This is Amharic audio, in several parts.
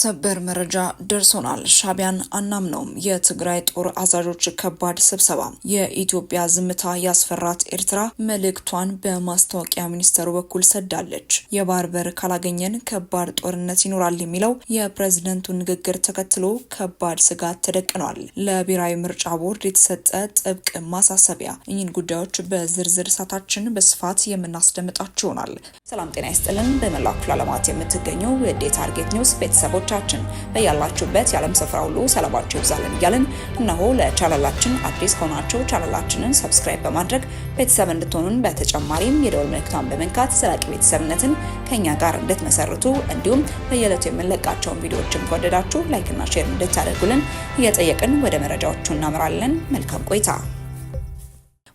ሰበር መረጃ ደርሶናል። ሻቢያን አናምነውም። የትግራይ ጦር አዛዦች ከባድ ስብሰባ። የኢትዮጵያ ዝምታ ያስፈራት ኤርትራ መልእክቷን በማስታወቂያ ሚኒስተሩ በኩል ሰዳለች። የባህር በር ካላገኘን ከባድ ጦርነት ይኖራል የሚለው የፕሬዝደንቱ ንግግር ተከትሎ ከባድ ስጋት ተደቅኗል። ለብሔራዊ ምርጫ ቦርድ የተሰጠ ጥብቅ ማሳሰቢያ። እኚህን ጉዳዮች በዝርዝር እሳታችን በስፋት የምናስደምጣችሁ ይሆናል። ሰላም ጤና ይስጥልን። በመላው ክፍለ ዓለማት የምትገኘው የዴ ታርጌት ኒውስ ቤተሰቦች ተመልካቾቻችን በያላችሁበት የዓለም ስፍራ ሁሉ ሰላማችሁ ይብዛልን እያልን እነሆ ለቻናላችን አዲስ ከሆናችሁ ቻናላችንን ሰብስክራይብ በማድረግ ቤተሰብ እንድትሆኑን በተጨማሪም የደወል ምልክቷን በመንካት ዘላቂ ቤተሰብነትን ከእኛ ጋር እንድትመሰርቱ እንዲሁም በየዕለቱ የምንለቃቸውን ቪዲዮዎችን ከወደዳችሁ ላይክና ሼር እንድታደርጉልን እየጠየቅን ወደ መረጃዎቹ እናምራለን። መልካም ቆይታ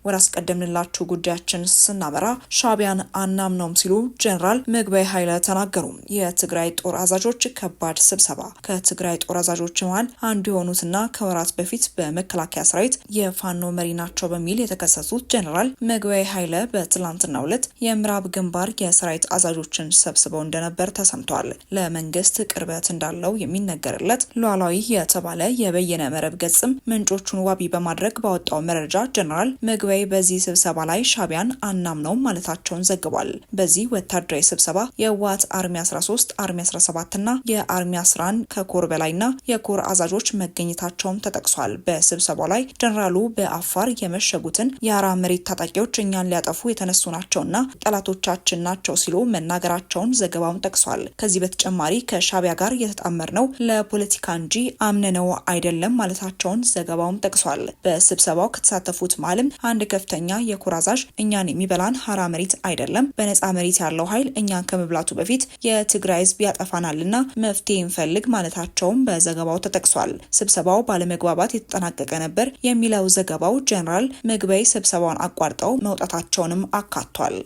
ወደ አስቀደምንላችሁ ጉዳያችን ስናመራ አናም አናምነውም ሲሉ ጀኔራል ምግበይ ኃይለ ተናገሩ። የትግራይ ጦር አዛዦች ከባድ ስብሰባ። ከትግራይ ጦር አዛዦች መሃል አንዱ የሆኑትና ከወራት በፊት በመከላከያ ሰራዊት የፋኖ መሪ ናቸው በሚል የተከሰሱት ጀኔራል ምግበይ ኃይለ በትላንትናው ዕለት የምዕራብ ግንባር የሰራዊት አዛዦችን ሰብስበው እንደነበር ተሰምቷል። ለመንግስት ቅርበት እንዳለው የሚነገርለት ሉዓላዊ የተባለ የበየነ መረብ ገጽም ምንጮቹን ዋቢ በማድረግ ባወጣው መረጃ ጀኔራል ምግበይ ቪኦኤ በዚህ ስብሰባ ላይ ሻቢያን አናምነውም ማለታቸውን ዘግቧል። በዚህ ወታደራዊ ስብሰባ የዋት አርሚ 13 አርሚ 17 ና የአርሚ 11 ከኮር በላይ ና የኮር አዛዦች መገኘታቸውም ተጠቅሷል። በስብሰባው ላይ ጀኔራሉ በአፋር የመሸጉትን የአራ መሬት ታጣቂዎች እኛን ሊያጠፉ የተነሱ ናቸውና ጠላቶቻችን ናቸው ሲሉ መናገራቸውን ዘገባውን ጠቅሷል። ከዚህ በተጨማሪ ከሻቢያ ጋር ነው ለፖለቲካ እንጂ አምነነው አይደለም ማለታቸውን ዘገባውም ጠቅሷል። በስብሰባው ከተሳተፉት መሃልም አንድ ከፍተኛ የኮር አዛዥ እኛን የሚበላን ሀራ መሬት አይደለም፣ በነፃ መሬት ያለው ኃይል እኛን ከመብላቱ በፊት የትግራይ ህዝብ ያጠፋናልና መፍትሄ እንፈልግ ማለታቸውም በዘገባው ተጠቅሷል። ስብሰባው ባለመግባባት የተጠናቀቀ ነበር የሚለው ዘገባው ጀኔራል ምግበይ ስብሰባውን አቋርጠው መውጣታቸውንም አካቷል።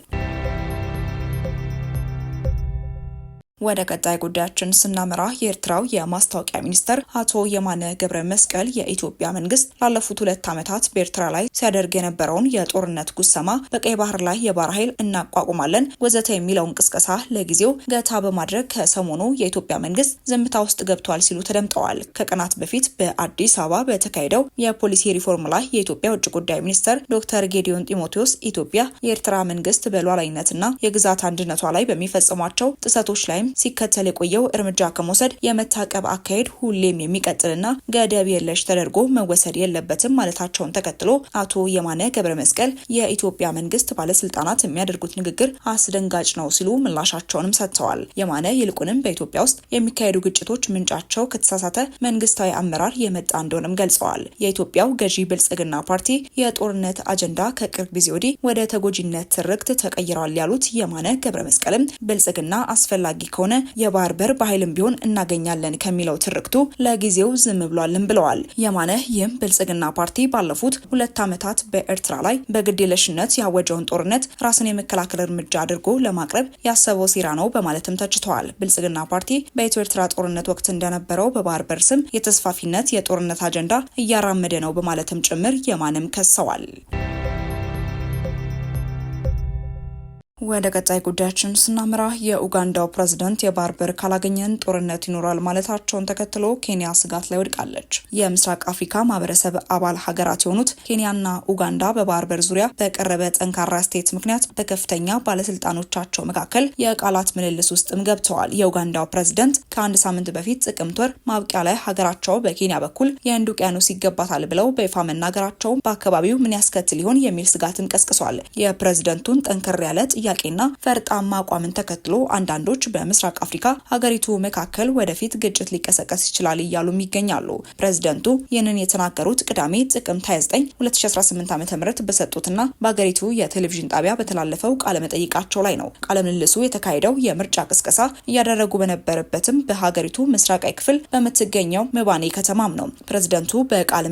ወደ ቀጣይ ጉዳያችን ስናመራ የኤርትራው የማስታወቂያ ሚኒስተር አቶ የማነ ገብረ መስቀል የኢትዮጵያ መንግስት ላለፉት ሁለት ዓመታት በኤርትራ ላይ ሲያደርግ የነበረውን የጦርነት ጉሰማ፣ በቀይ ባህር ላይ የባህር ኃይል እናቋቁማለን ወዘተ የሚለውን ቅስቀሳ ለጊዜው ገታ በማድረግ ከሰሞኑ የኢትዮጵያ መንግስት ዝምታ ውስጥ ገብቷል ሲሉ ተደምጠዋል። ከቀናት በፊት በአዲስ አበባ በተካሄደው የፖሊሲ ሪፎርም ላይ የኢትዮጵያ ውጭ ጉዳይ ሚኒስተር ዶክተር ጌዲዮን ጢሞቴዎስ ኢትዮጵያ የኤርትራ መንግስት በሉዓላዊነትና የግዛት አንድነቷ ላይ በሚፈጽሟቸው ጥሰቶች ላይም ሲከተል የቆየው እርምጃ ከመውሰድ የመታቀብ አካሄድ ሁሌም የሚቀጥልና ገደብ የለሽ ተደርጎ መወሰድ የለበትም ማለታቸውን ተከትሎ አቶ የማነ ገብረ መስቀል የኢትዮጵያ መንግስት ባለስልጣናት የሚያደርጉት ንግግር አስደንጋጭ ነው ሲሉ ምላሻቸውንም ሰጥተዋል። የማነ ይልቁንም በኢትዮጵያ ውስጥ የሚካሄዱ ግጭቶች ምንጫቸው ከተሳሳተ መንግስታዊ አመራር የመጣ እንደሆነም ገልጸዋል። የኢትዮጵያው ገዢ ብልጽግና ፓርቲ የጦርነት አጀንዳ ከቅርብ ጊዜ ወዲህ ወደ ተጎጂነት ትርክት ተቀይረዋል ያሉት የማነ ገብረ መስቀልም ብልጽግና አስፈላጊ ከሆነ የባህር በር በኃይልም ቢሆን እናገኛለን ከሚለው ትርክቱ ለጊዜው ዝም ብሏልም ብለዋል የማነ። ይህም ብልጽግና ፓርቲ ባለፉት ሁለት ዓመታት በኤርትራ ላይ በግዴለሽነት ያወጀውን ጦርነት ራስን የመከላከል እርምጃ አድርጎ ለማቅረብ ያሰበው ሴራ ነው በማለትም ተችተዋል። ብልጽግና ፓርቲ በኢትዮ ኤርትራ ጦርነት ወቅት እንደነበረው በባህር በር ስም የተስፋፊነት የጦርነት አጀንዳ እያራመደ ነው በማለትም ጭምር የማንም ከሰዋል። ወደ ቀጣይ ጉዳያችን ስናምራ የኡጋንዳው ፕሬዝደንት የባህር በር ካላገኘን ጦርነት ይኖራል ማለታቸውን ተከትሎ ኬንያ ስጋት ላይ ወድቃለች። የምስራቅ አፍሪካ ማህበረሰብ አባል ሀገራት የሆኑት ኬንያና ኡጋንዳ በባህር በር ዙሪያ በቀረበ ጠንካራ ስቴት ምክንያት በከፍተኛ ባለስልጣኖቻቸው መካከል የቃላት ምልልስ ውስጥም ገብተዋል። የኡጋንዳው ፕሬዝደንት ከአንድ ሳምንት በፊት ጥቅምት ወር ማብቂያ ላይ ሀገራቸው በኬንያ በኩል የህንድ ውቅያኖስ ይገባታል ብለው በይፋ መናገራቸው በአካባቢው ምን ያስከትል ይሆን የሚል ስጋትን ቀስቅሷል። የፕሬዝደንቱን ጠንከር ያለ ጥያቄና ፈርጣማ አቋምን ተከትሎ አንዳንዶች በምስራቅ አፍሪካ ሀገሪቱ መካከል ወደፊት ግጭት ሊቀሰቀስ ይችላል እያሉም ይገኛሉ። ፕሬዝደንቱ ይህንን የተናገሩት ቅዳሜ ጥቅምት 29 2018 ዓ.ም በሰጡትና በሀገሪቱ የቴሌቪዥን ጣቢያ በተላለፈው ቃለመጠይቃቸው ላይ ነው። ቃለምልልሱ የተካሄደው የምርጫ ቅስቀሳ እያደረጉ በነበረበትም በሀገሪቱ ምስራቃዊ ክፍል በምትገኘው መባኔ ከተማም ነው። ፕሬዝደንቱ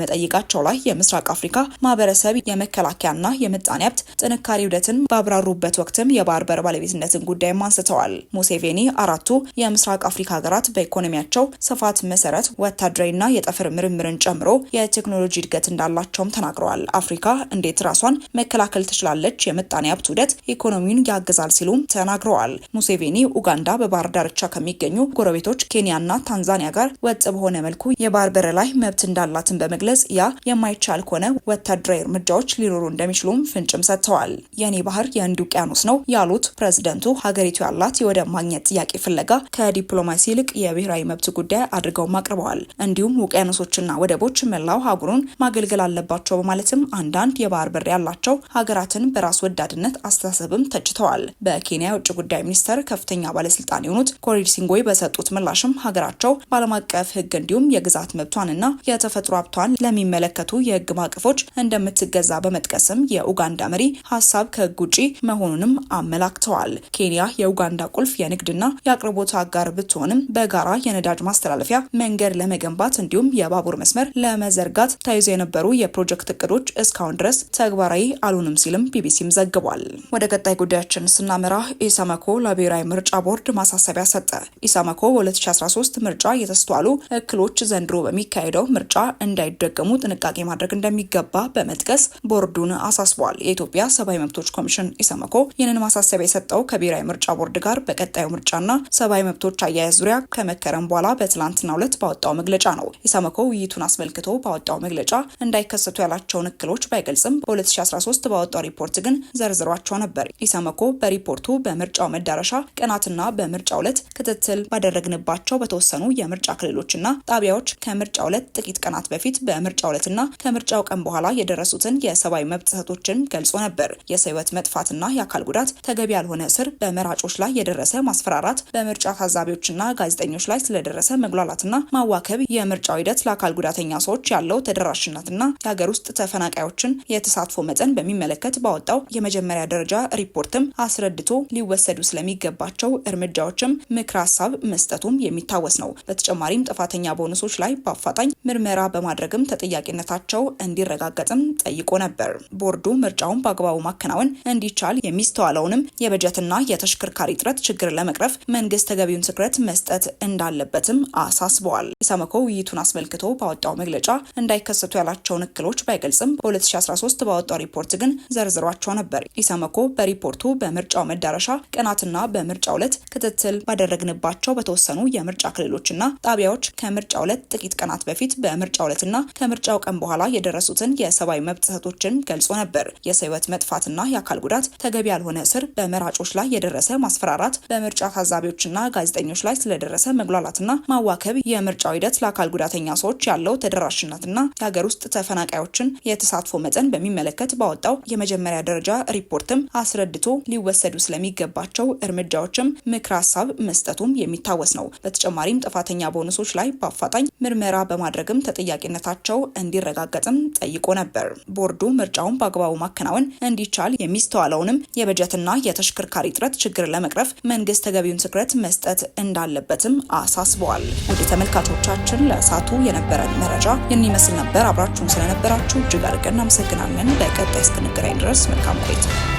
መጠይቃቸው ላይ የምስራቅ አፍሪካ ማህበረሰብ የመከላከያና የምጣኔ ሀብት ጥንካሬ ውደትን ባብራሩበት ወቅትም በመቀጠልም የባህር በር ባለቤትነትን ጉዳይም አንስተዋል። ሙሴቬኒ አራቱ የምስራቅ አፍሪካ ሀገራት በኢኮኖሚያቸው ስፋት መሰረት ወታደራዊና የጠፈር ምርምርን ጨምሮ የቴክኖሎጂ እድገት እንዳላቸውም ተናግረዋል። አፍሪካ እንዴት ራሷን መከላከል ትችላለች? የምጣኔ ሀብት ውደት ኢኮኖሚውን ያግዛል ሲሉም ተናግረዋል። ሙሴቬኒ ኡጋንዳ በባህር ዳርቻ ከሚገኙ ጎረቤቶች ኬንያና ታንዛኒያ ጋር ወጥ በሆነ መልኩ የባህር በር ላይ መብት እንዳላትን በመግለጽ ያ የማይቻል ከሆነ ወታደራዊ እርምጃዎች ሊኖሩ እንደሚችሉም ፍንጭም ሰጥተዋል። የእኔ ባህር የህንድ ውቅያኖስ ነው ነው ያሉት ፕሬዝደንቱ ሀገሪቱ ያላት የወደብ ማግኘት ጥያቄ ፍለጋ ከዲፕሎማሲ ይልቅ የብሔራዊ መብት ጉዳይ አድርገው አቅርበዋል። እንዲሁም ውቅያኖሶችና ወደቦች መላው አህጉሩን ማገልገል አለባቸው በማለትም አንዳንድ የባህር በር ያላቸው ሀገራትን በራስ ወዳድነት አስተሳሰብም ተችተዋል። በኬንያ የውጭ ጉዳይ ሚኒስቴር ከፍተኛ ባለስልጣን የሆኑት ኮሪድ ሲንጎይ በሰጡት ምላሽም ሀገራቸው በዓለም አቀፍ ህግ እንዲሁም የግዛት መብቷንና የተፈጥሮ ሀብቷን ለሚመለከቱ የህግ ማዕቀፎች እንደምትገዛ በመጥቀስም የኡጋንዳ መሪ ሀሳብ ከህግ ውጪ መሆኑንም አመላክተዋል። ኬንያ የኡጋንዳ ቁልፍ የንግድና የአቅርቦት አጋር ብትሆንም በጋራ የነዳጅ ማስተላለፊያ መንገድ ለመገንባት እንዲሁም የባቡር መስመር ለመዘርጋት ተይዘው የነበሩ የፕሮጀክት እቅዶች እስካሁን ድረስ ተግባራዊ አልሆኑም ሲልም ቢቢሲም ዘግቧል። ወደ ቀጣይ ጉዳያችን ስናመራ ኢሰመኮ ለብሔራዊ ምርጫ ቦርድ ማሳሰቢያ ሰጠ። ኢሰመኮ በ2013 ምርጫ የተስተዋሉ እክሎች ዘንድሮ በሚካሄደው ምርጫ እንዳይደገሙ ጥንቃቄ ማድረግ እንደሚገባ በመጥቀስ ቦርዱን አሳስቧል። የኢትዮጵያ ሰብአዊ መብቶች ኮሚሽን ኢሰመኮ ይህንን ይህንን ማሳሰቢያ የሰጠው ከብሔራዊ ምርጫ ቦርድ ጋር በቀጣዩ ምርጫና ሰብአዊ መብቶች አያያዝ ዙሪያ ከመከረም በኋላ በትላንትናው ዕለት ባወጣው መግለጫ ነው። ኢሰመኮ ውይይቱን አስመልክቶ ባወጣው መግለጫ እንዳይከሰቱ ያላቸውን እክሎች ባይገልጽም በ2013 ባወጣው ሪፖርት ግን ዘርዝሯቸው ነበር። ኢሰመኮ በሪፖርቱ በምርጫው መዳረሻ ቀናትና በምርጫው ዕለት ክትትል ባደረግንባቸው በተወሰኑ የምርጫ ክልሎችና ጣቢያዎች ከምርጫው ዕለት ጥቂት ቀናት በፊት በምርጫው ዕለትና ከምርጫው ቀን በኋላ የደረሱትን የሰብአዊ መብት ጥሰቶችን ገልጾ ነበር። የሰው መጥፋትና የአካል ጉዳት በመጉዳት ተገቢ ያልሆነ እስር፣ በመራጮች ላይ የደረሰ ማስፈራራት፣ በምርጫ ታዛቢዎችና ጋዜጠኞች ላይ ስለደረሰ መጉላላትና ማዋከብ፣ የምርጫው ሂደት ለአካል ጉዳተኛ ሰዎች ያለው ተደራሽነትና የሀገር ውስጥ ተፈናቃዮችን የተሳትፎ መጠን በሚመለከት ባወጣው የመጀመሪያ ደረጃ ሪፖርትም አስረድቶ ሊወሰዱ ስለሚገባቸው እርምጃዎችም ምክር ሀሳብ መስጠቱም የሚታወስ ነው። በተጨማሪም ጥፋተኛ በሆኑ ሰዎች ላይ በአፋጣኝ ምርመራ በማድረግም ተጠያቂነታቸው እንዲረጋገጥም ጠይቆ ነበር። ቦርዱ ምርጫውን በአግባቡ ማከናወን እንዲቻል የሚስተዋል የተባለውንም የበጀትና የተሽከርካሪ እጥረት ችግር ለመቅረፍ መንግስት ተገቢውን ትኩረት መስጠት እንዳለበትም አሳስበዋል። ኢሰመኮ ውይይቱን አስመልክቶ ባወጣው መግለጫ እንዳይከሰቱ ያላቸውን እክሎች ባይገልጽም በ2013 ባወጣው ሪፖርት ግን ዘርዝሯቸው ነበር። ኢሰመኮ በሪፖርቱ በምርጫው መዳረሻ ቀናትና በምርጫው ዕለት ክትትል ባደረግንባቸው በተወሰኑ የምርጫ ክልሎችና ጣቢያዎች ከምርጫው ዕለት ጥቂት ቀናት በፊት በምርጫው ዕለትና ከምርጫው ቀን በኋላ የደረሱትን የሰብአዊ መብት ጥሰቶችን ገልጾ ነበር። የሰው መጥፋትና የአካል ጉዳት ተገቢ ያልሆነ የሆነ እስር በመራጮች ላይ የደረሰ ማስፈራራት በምርጫ ታዛቢዎችና ጋዜጠኞች ላይ ስለደረሰ መጉላላትና ማዋከብ የምርጫው ሂደት ለአካል ጉዳተኛ ሰዎች ያለው ተደራሽነትና የሀገር ውስጥ ተፈናቃዮችን የተሳትፎ መጠን በሚመለከት ባወጣው የመጀመሪያ ደረጃ ሪፖርትም አስረድቶ ሊወሰዱ ስለሚገባቸው እርምጃዎችም ምክር ሀሳብ መስጠቱም የሚታወስ ነው። በተጨማሪም ጥፋተኛ በሆኑ ሰዎች ላይ በአፋጣኝ ምርመራ በማድረግም ተጠያቂነታቸው እንዲረጋገጥም ጠይቆ ነበር። ቦርዱ ምርጫውን በአግባቡ ማከናወን እንዲቻል የሚስተዋለውንም የበጀት የበጀትና የተሽከርካሪ እጥረት ችግር ለመቅረፍ መንግስት ተገቢውን ትኩረት መስጠት እንዳለበትም አሳስበዋል። ወደ ተመልካቾቻችን ለእሳቱ የነበረ መረጃ የሚመስል ነበር። አብራችሁን ስለነበራችሁ እጅግ አድርገን እናመሰግናለን። በቀጣይ እስክንገናኝ ድረስ መልካም ቆይታ